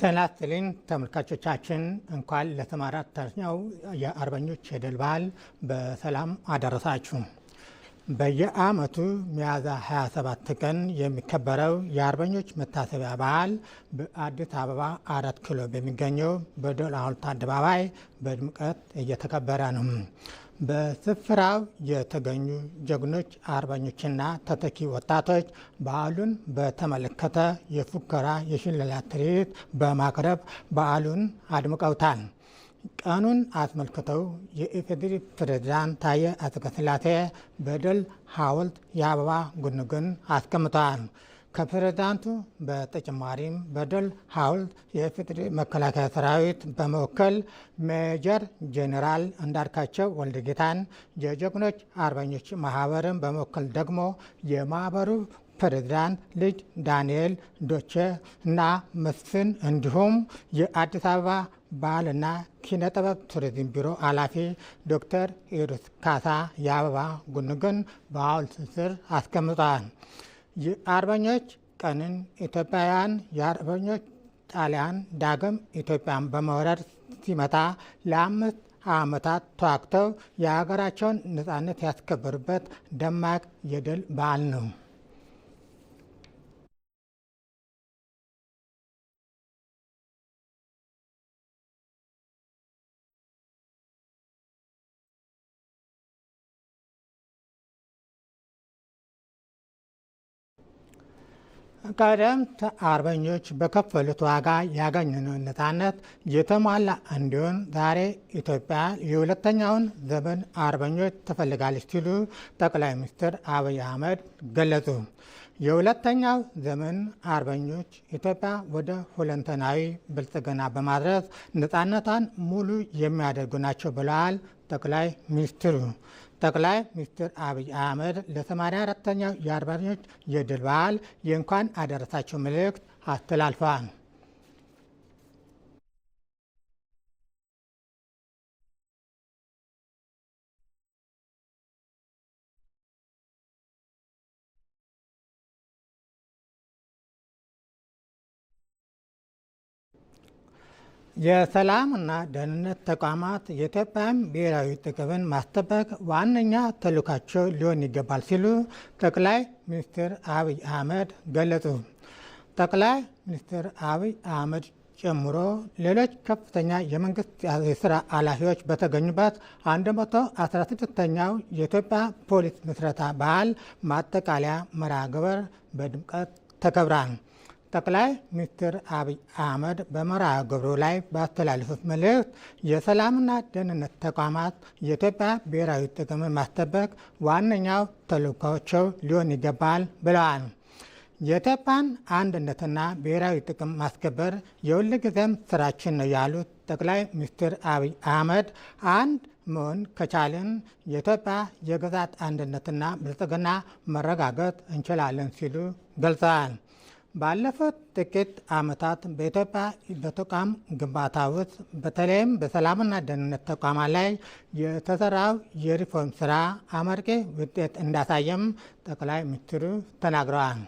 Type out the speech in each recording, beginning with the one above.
ጤና ይስጥልኝ ተመልካቾቻችን፣ እንኳን ለሰማራ የአርበኞች የድል በዓል በሰላም አደረሳችሁ። በየዓመቱ ሚያዝያ 27 ቀን የሚከበረው የአርበኞች መታሰቢያ በዓል በአዲስ አበባ አራት ኪሎ በሚገኘው በድል ሐውልት አደባባይ በድምቀት እየተከበረ ነው። በስፍራው የተገኙ ጀግኖች አርበኞችና ተተኪ ወጣቶች በዓሉን በተመለከተ የፉከራ የሽለላ ትርኢት በማቅረብ በዓሉን አድምቀውታል። ቀኑን አስመልክተው የኢፌዴሪ ፕሬዝዳንት ታዬ አጽቀሥላሴ በደል ሐውልት የአበባ ጉንጉን አስቀምጠዋል። ከፕሬዝዳንቱ በተጨማሪም በደል ሐውልት የኢፌዴሪ መከላከያ ሰራዊት በመወከል ሜጀር ጄኔራል እንዳርካቸው ወልደጌታን የጀግኖች አርበኞች ማህበርን በመወከል ደግሞ የማህበሩ ፕሬዝዳንት ልጅ ዳንኤል ዶቼ እና መስፍን እንዲሁም የአዲስ አበባ ባህልና ኪነ ጥበብ ቱሪዝም ቢሮ ኃላፊ ዶክተር ኢሩስ ካሳ የአበባ ጉንጉን በሐውልት ስር አስቀምጠዋል። የአርበኞች ቀንን ኢትዮጵያውያን የአርበኞች ጣሊያን ዳግም ኢትዮጵያን በመውረር ሲመታ ለአምስት ዓመታት ተዋግተው የሀገራቸውን ነፃነት ያስከበሩበት ደማቅ የድል በዓል ነው። ቀደምት አርበኞች በከፈሉት ዋጋ ያገኙን ነፃነት የተሟላ እንዲሆን ዛሬ ኢትዮጵያ የሁለተኛውን ዘመን አርበኞች ትፈልጋለች ሲሉ ጠቅላይ ሚኒስትር አብይ አህመድ ገለጹ። የሁለተኛው ዘመን አርበኞች ኢትዮጵያ ወደ ሁለንተናዊ ብልጽግና በማድረስ ነፃነቷን ሙሉ የሚያደርጉ ናቸው ብለዋል ጠቅላይ ሚኒስትሩ። ጠቅላይ ሚኒስትር አብይ አህመድ ለሰማንያ አራተኛው የአርበኞች የድል በዓል የእንኳን አደረሳቸው መልእክት አስተላልፈዋል። የሰላምና ደህንነት ተቋማት የኢትዮጵያን ብሔራዊ ጥቅምን ማስጠበቅ ዋነኛ ተልዕኳቸው ሊሆን ይገባል ሲሉ ጠቅላይ ሚኒስትር አብይ አህመድ ገለጹ። ጠቅላይ ሚኒስትር አብይ አህመድ ጨምሮ ሌሎች ከፍተኛ የመንግስት የስራ ኃላፊዎች በተገኙበት 116ኛው የኢትዮጵያ ፖሊስ ምስረታ በዓል ማጠቃለያ መርሃ ግብር በድምቀት ተከብሯል። ጠቅላይ ሚኒስትር አብይ አህመድ በመርሃ ግብሩ ላይ ባስተላለፉት መልእክት የሰላምና ደህንነት ተቋማት የኢትዮጵያ ብሔራዊ ጥቅምን ማስጠበቅ ዋነኛው ተልዕኳቸው ሊሆን ይገባል ብለዋል። የኢትዮጵያን አንድነትና ብሔራዊ ጥቅም ማስከበር የሁልጊዜም ስራችን ነው ያሉት ጠቅላይ ሚኒስትር አብይ አህመድ አንድ መሆን ከቻልን የኢትዮጵያ የግዛት አንድነትና ብልጽግና መረጋገጥ እንችላለን ሲሉ ገልጸዋል። ባለፉት ጥቂት ዓመታት በኢትዮጵያ በተቋም ግንባታ ውስጥ በተለይም በሰላምና ደህንነት ተቋማት ላይ የተሰራው የሪፎርም ስራ አመርቂ ውጤት እንዳሳየም ጠቅላይ ሚኒስትሩ ተናግረዋል።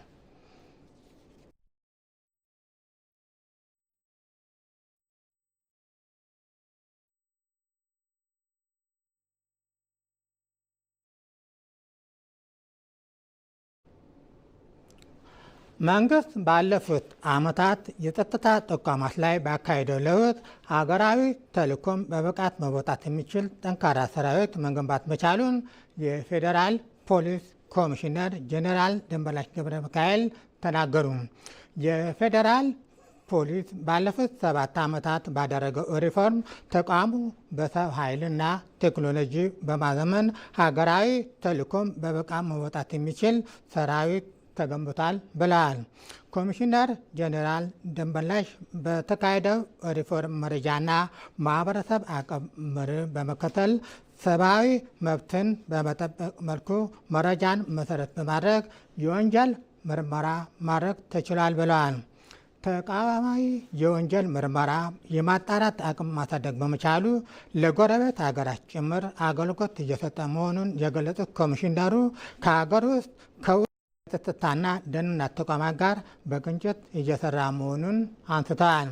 መንግስት ባለፉት ዓመታት የጸጥታ ተቋማት ላይ ባካሄደው ለውጥ ሀገራዊ ተልዕኮም በብቃት መወጣት የሚችል ጠንካራ ሰራዊት መገንባት መቻሉን የፌዴራል ፖሊስ ኮሚሽነር ጄኔራል ደንበላሽ ገብረ ሚካኤል ተናገሩ። የፌዴራል ፖሊስ ባለፉት ሰባት ዓመታት ባደረገው ሪፎርም ተቋሙ በሰው ኃይልና ቴክኖሎጂ በማዘመን ሀገራዊ ተልዕኮም በብቃት መወጣት የሚችል ሰራዊት ተገንብቷል ብለዋል። ኮሚሽነር ጀኔራል ደንበላሽ በተካሄደው ሪፎርም መረጃና ማህበረሰብ አቀፍ መርህ በመከተል ሰብአዊ መብትን በመጠበቅ መልኩ መረጃን መሰረት በማድረግ የወንጀል ምርመራ ማድረግ ተችሏል ብለዋል። ተቃዋማዊ የወንጀል ምርመራ የማጣራት አቅም ማሳደግ በመቻሉ ለጎረቤት ሀገራት ጭምር አገልግሎት እየሰጠ መሆኑን የገለጹት ኮሚሽነሩ ከሀገር ውስጥ ከጸጥታና ደህንነት ተቋማት ጋር በቅንጭት እየሰራ መሆኑን አንስተዋል።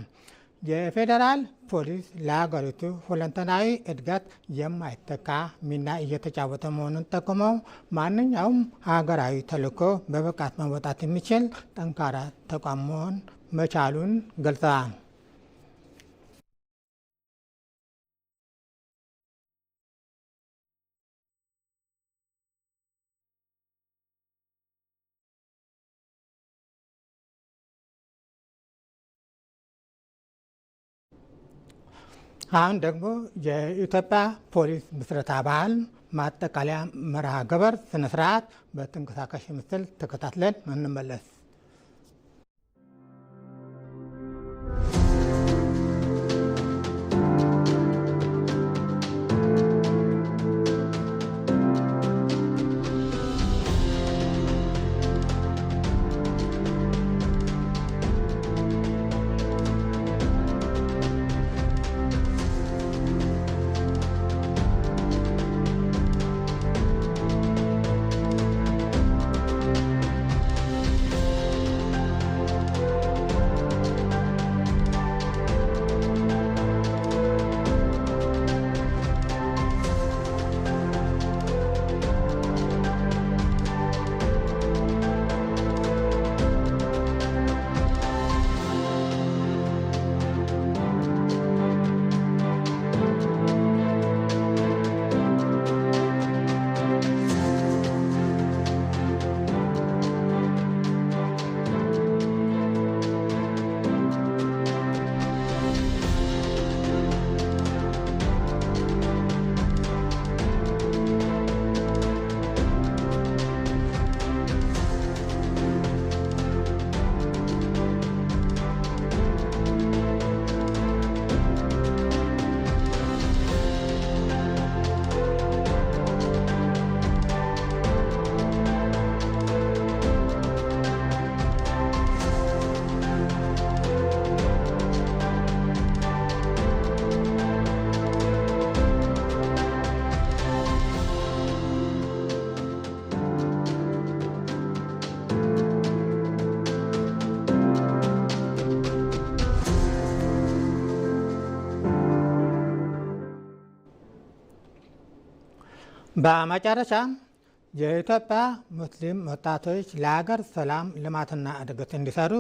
የፌዴራል ፖሊስ ለሀገሪቱ ሁለንተናዊ እድገት የማይተካ ሚና እየተጫወተ መሆኑን ጠቁመው ማንኛውም ሀገራዊ ተልዕኮ በብቃት መወጣት የሚችል ጠንካራ ተቋም መሆን መቻሉን ገልጸዋል። አሁን ደግሞ የኢትዮጵያ ፖሊስ ምስረታ አባል ማጠቃለያ መርሃ ግብር ስነስርዓት በተንቀሳቃሽ ምስል ተከታትለን እንመለስ። በመጨረሻም የኢትዮጵያ ሙስሊም ወጣቶች ለሀገር ሰላም ልማትና እድገት እንዲሰሩ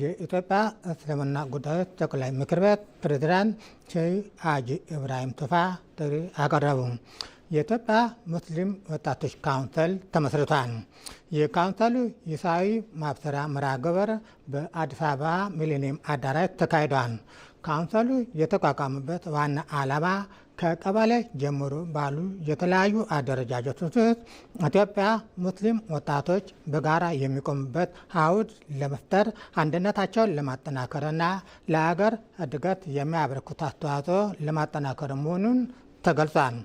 የኢትዮጵያ እስልምና ጉዳዮች ጠቅላይ ምክር ቤት ፕሬዝዳንት ሼህ ሀጂ ኢብራሂም ቱፋ ጥሪ አቀረቡ። የኢትዮጵያ ሙስሊም ወጣቶች ካውንስል ተመስርቷል። የካውንስሉ ይሳዊ ማብሰሪያ መርሃ ግብር በአዲስ አበባ ሚሊኒየም አዳራሽ ተካሂዷል። ካውንስሉ የተቋቋመበት ዋና ዓላማ ከቀበሌ ጀምሮ ባሉ የተለያዩ አደረጃጀቶች ውስጥ ኢትዮጵያ ሙስሊም ወጣቶች በጋራ የሚቆሙበት አውድ ለመፍጠር አንድነታቸውን ለማጠናከርና ለሀገር እድገት የሚያበረክቱ አስተዋጽኦ ለማጠናከር መሆኑን ተገልጿል።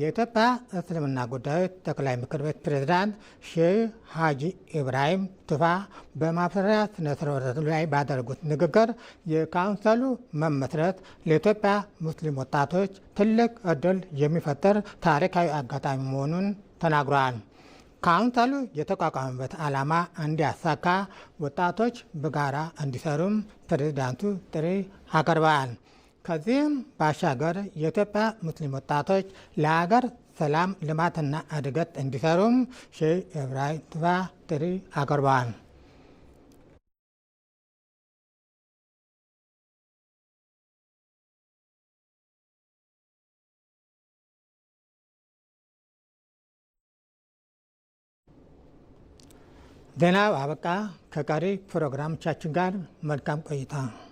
የኢትዮጵያ እስልምና ጉዳዮች ጠቅላይ ምክር ቤት ፕሬዝዳንት ሼህ ሀጂ ኢብራሂም ቱፋ በማብሰሪያ ስነ ስርዓቱ ላይ ባደረጉት ንግግር የካውንሰሉ መመስረት ለኢትዮጵያ ሙስሊም ወጣቶች ትልቅ እድል የሚፈጥር ታሪካዊ አጋጣሚ መሆኑን ተናግሯል። ካውንሰሉ የተቋቋመበት ዓላማ እንዲያሳካ ወጣቶች በጋራ እንዲሰሩም ፕሬዝዳንቱ ጥሪ አቅርበዋል። ከዚህም ባሻገር የኢትዮጵያ ሙስሊም ወጣቶች ለሀገር ሰላም ልማትና እድገት እንዲሰሩም ሼህ ኢብራሂም ቱፋ ጥሪ አቅርበዋል። ዜናው አበቃ። ከቀሪ ፕሮግራሞቻችን ጋር መልካም ቆይታ